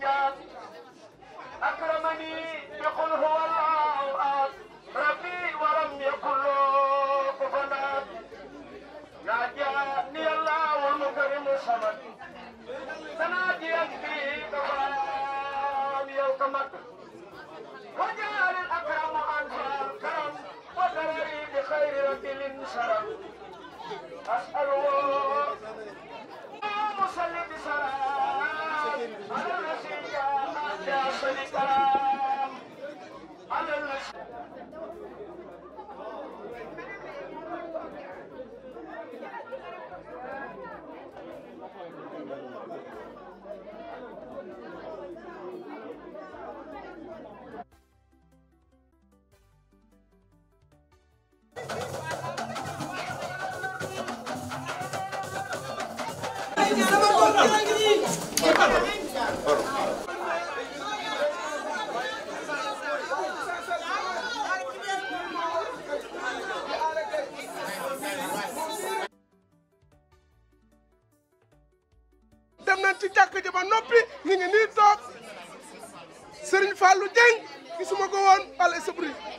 جاد أكرمني بقل هو الله أحد ربي ولم يكن له كفوا أحد ناجاني الله المكرم الصمد سناديك به dem nañ ci jàkk ji ba noppi ñu ngi nii toog Serigne Fallou Dieng gisuma ko woon al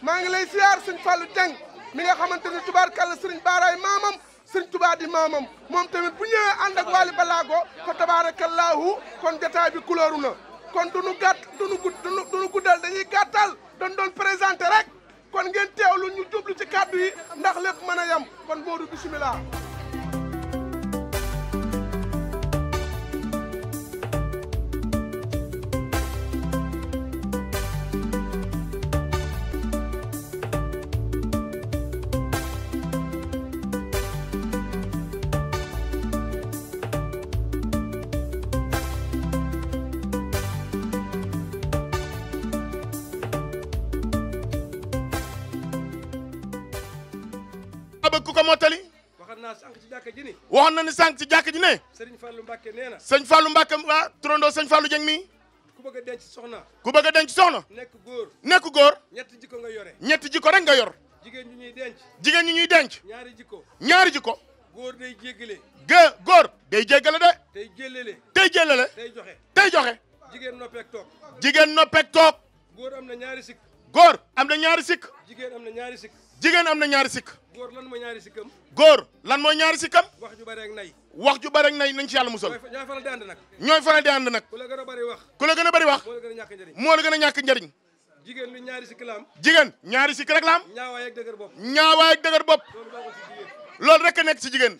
maa ngi lay siyaar Serigne Fallou Dieng mi nga xamante ne tubaarkàlla Serigne Baaraay maamam sëñ Tuubaa di maamam moom tamit bu ñëwee ànd ak Waly Ballago fa tabaarakallaahu kon jotaay bi couleur na kon du nu gàtt du nu gudd du nu guddal dañuy gàttal dañ doon présenté rek kon ngeen teewlu ñu jublu ci kàddu yi ndax lépp mën a yem kon Modou bisimilah. ko mottali. waxoon naa sànq ci jàkka ji ni. waxoon na ni sànq ci jàkka ji ne. sëriñ Fallou Mbacke nee na. sëñ Fallou Mbacke waa turandoo sëñ Fallou Dieng mii. ku bëgg a denc soxna. ku bëgg a denc soxna. nekk góor nekk góor. ñetti jikko nga yore. ñetti jikko rek nga yor. jigéen ñi ñuy denc. jigéen ñi ñuy denc. ñaari jikko ñaari jikko. góor day jéggale. gë góor day jéggale de. day jëlele. day jëlele. day joxe day joxe. jigéen noppeeg toog. jigéen noppeeg toog. góor am na ñaari sikk. góor am na ñaari sikk. jigéen am na ñaari sikk. jigéen am na ñaari sikk. góor lan mooy ñaari sikkam. góor lan mooy ñaari sikkam. wax ju bari ak nay. wax ju bari nay nañ ci yàlla musal. ñooy faral di ànd nag. ñooy faral di ànd nag. ku la gën a bari wax. ku la gën a moo la gën a ñàkk njëriñ. moo la a jigéen ñaari sikk la am. jigéen ñaari sikk rek la am. ñaawaay ak dëgër bopp. ñaawaay ak dëgër bopp. loolu rek a nekk si jigéen.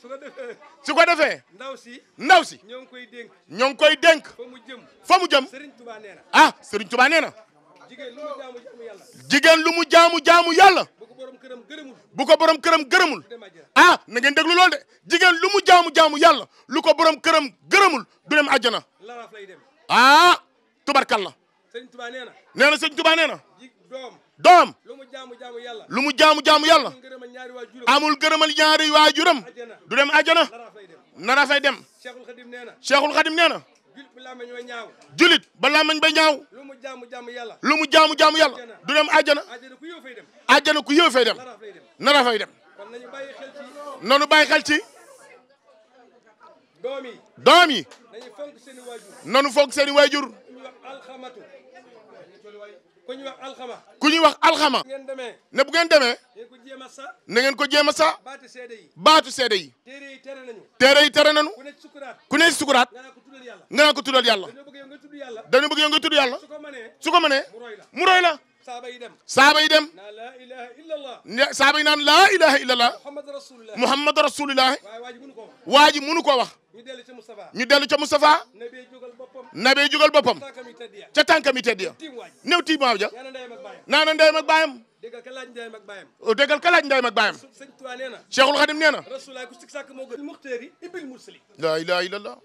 su ko defee. ndaw si. ndaw si. ñoo ngi koy dénk. ñoo ngi koy dénk. fa mu jëm. fa mu jëm. Serigne Touba nee na. ah Serigne Touba nee na. jigéen lu mu jaamu jaamu yàlla. mu jaamu yàlla. bu ko borom këram gërëmul ah na ngeen déglu loolu de jigéen lu mu jaamu jaamu yàlla lu ko borom këram gërëmul du dem àjjana ah tubarkalla sëñ Tuba nee na nee na sëñ Tuba nee na doom lu mu jaamu jaamu yàlla lu mu jaamu jaamu yàlla amul gërëmal ñaari waajuram du dem àjjana na fay dem Cheikhul Khadim nee na Cheikhul Khadim nee na julit ba làmmiñ ba ñaaw lu mu jaamu jaamu yàlla lu mu jaamu jaamu yàlla du dem àjjana àjjana ku yëw fay dem nara fay dem nanu bàyyi xel ci doom yi nanu fonk seen i waajur ku ñuy wax alxama ku ñuy wax alxama ne bu ngeen demee na ngeen ko jéem sa baatu seede yi téere yi tere nañu ku ne sukuraat nga naa ko tuddal yàlla dañu bëgg yow nga tudd yàlla su ko mënee mu roy la saaba yi dem saaba yi dem saaba yi naan laa ilaha illallah muhammad rasulillah waa ji mënu koo wax ñu dellu ca Moustapha nabee jógal boppam ca tànkam yi tedd ya néew tiim waaw ja naa na ndeyam ak baayam déggal ka laaj ndeyam ak baayam oh, déggal ka laaj ndeyam ak baayam sëñ Tuubaa nee na Cheikhul Khadim nee na rasulaay ku sik sàkk moo gën muxtaari ibil mursali laa ilaaha illallaah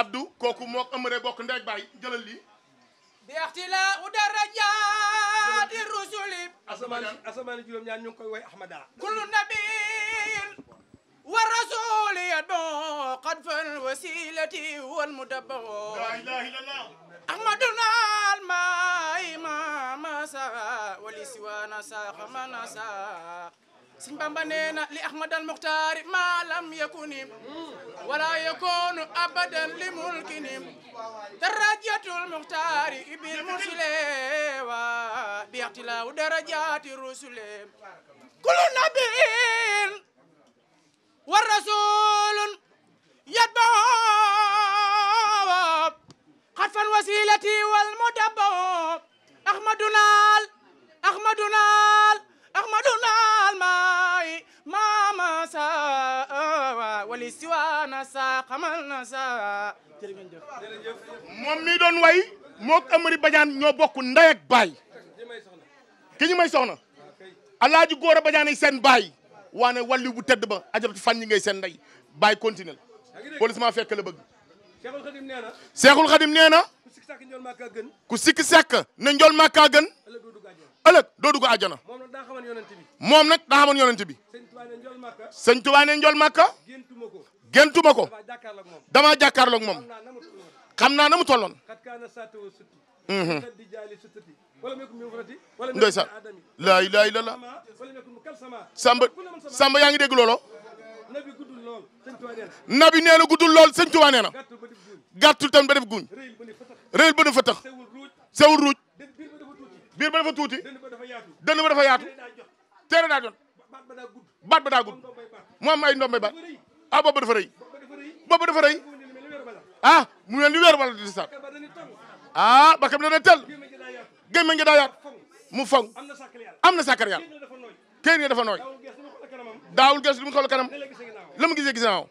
Abdou kooku lii bi axtilaa u darajaati rusuli asamaan asamaan juróom ñaar ñu ngi qad fal wasilati wal mudabbo laa أحمدنا الماء ما مسا ولي سوى نساق ما نساق سن بامبا نينا لأحمد المختار ما لم يكن ولا يكون أبدا لملكن درجة المختار بالمرسل باختلاف درجات الرسل كل نبي والرسول saa xamal na saa jërëjëf moom mii doon way moog Amary Badiane ñoo bokk ndey ak baay ki ñu may soxna alaaji góor a Badiane seen baay waane wàllu bu tedd ba ajab fan ñi ngay seen ndey baay continué la police maa fekk la bëgg Seexul Xadim nee na Seexul Xadim nee na ku sikki sàkk njool màkkaa gën ku sikki sàkk ne njool màkkaa gën ëllëg doo dugg àjjana moom bi moom nag daa xamoon yonent bi sëñ Tuubaa ne njool màkka sëñ géntuma ko dama jàkkaarloog moom xam naa na mu tolloon mhm. ndeysaan laa ilaaha illallaah samba samba yaa ngi dégg loolo nabi nee na guddul lool sëñ Tuubaa nee na gàttul tam ba def guñ réyul ba ne fa tax sewul ruuj biir ba dafa tuuti dënn ba dafa yaatu teere daa jot baat ba daa gudd mu am ay ndombay baat gémmiñ gi daa yaat mu fang am na sàkkar yàlla kër gi dafa nooy daawul gees lu mu xool kanam la mu gisee gisaaw